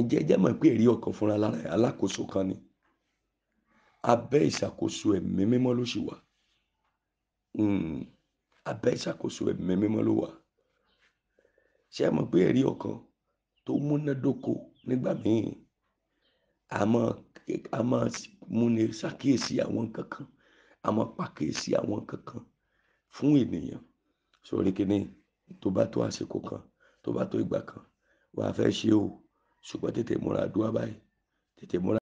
ǹjẹ́ ẹ jẹ́ mọ̀ pé èrè ọkàn fúnra lára alákòóso kan ni abẹ́ ìṣàkóso ẹ̀mí mímọ́ ló sì wà hmm, abẹ́ ìṣàkóso ẹ̀mí mímọ́ ló wà ṣé ẹ mọ̀ pé èrè ọkàn tó múnádóko nígbà míì àmọ́ àmọ́ múni ṣàkíyèsí àwọn kankan àmọ́ pàkíyèsí àwọn kankan fún ènìyàn sórí kínní tó bá tó àsìkò kan tó bá tó ìgbà kan wàá fẹ́ ṣe o ṣùgbọ́n tètè múra dúró báyìí tètè múra.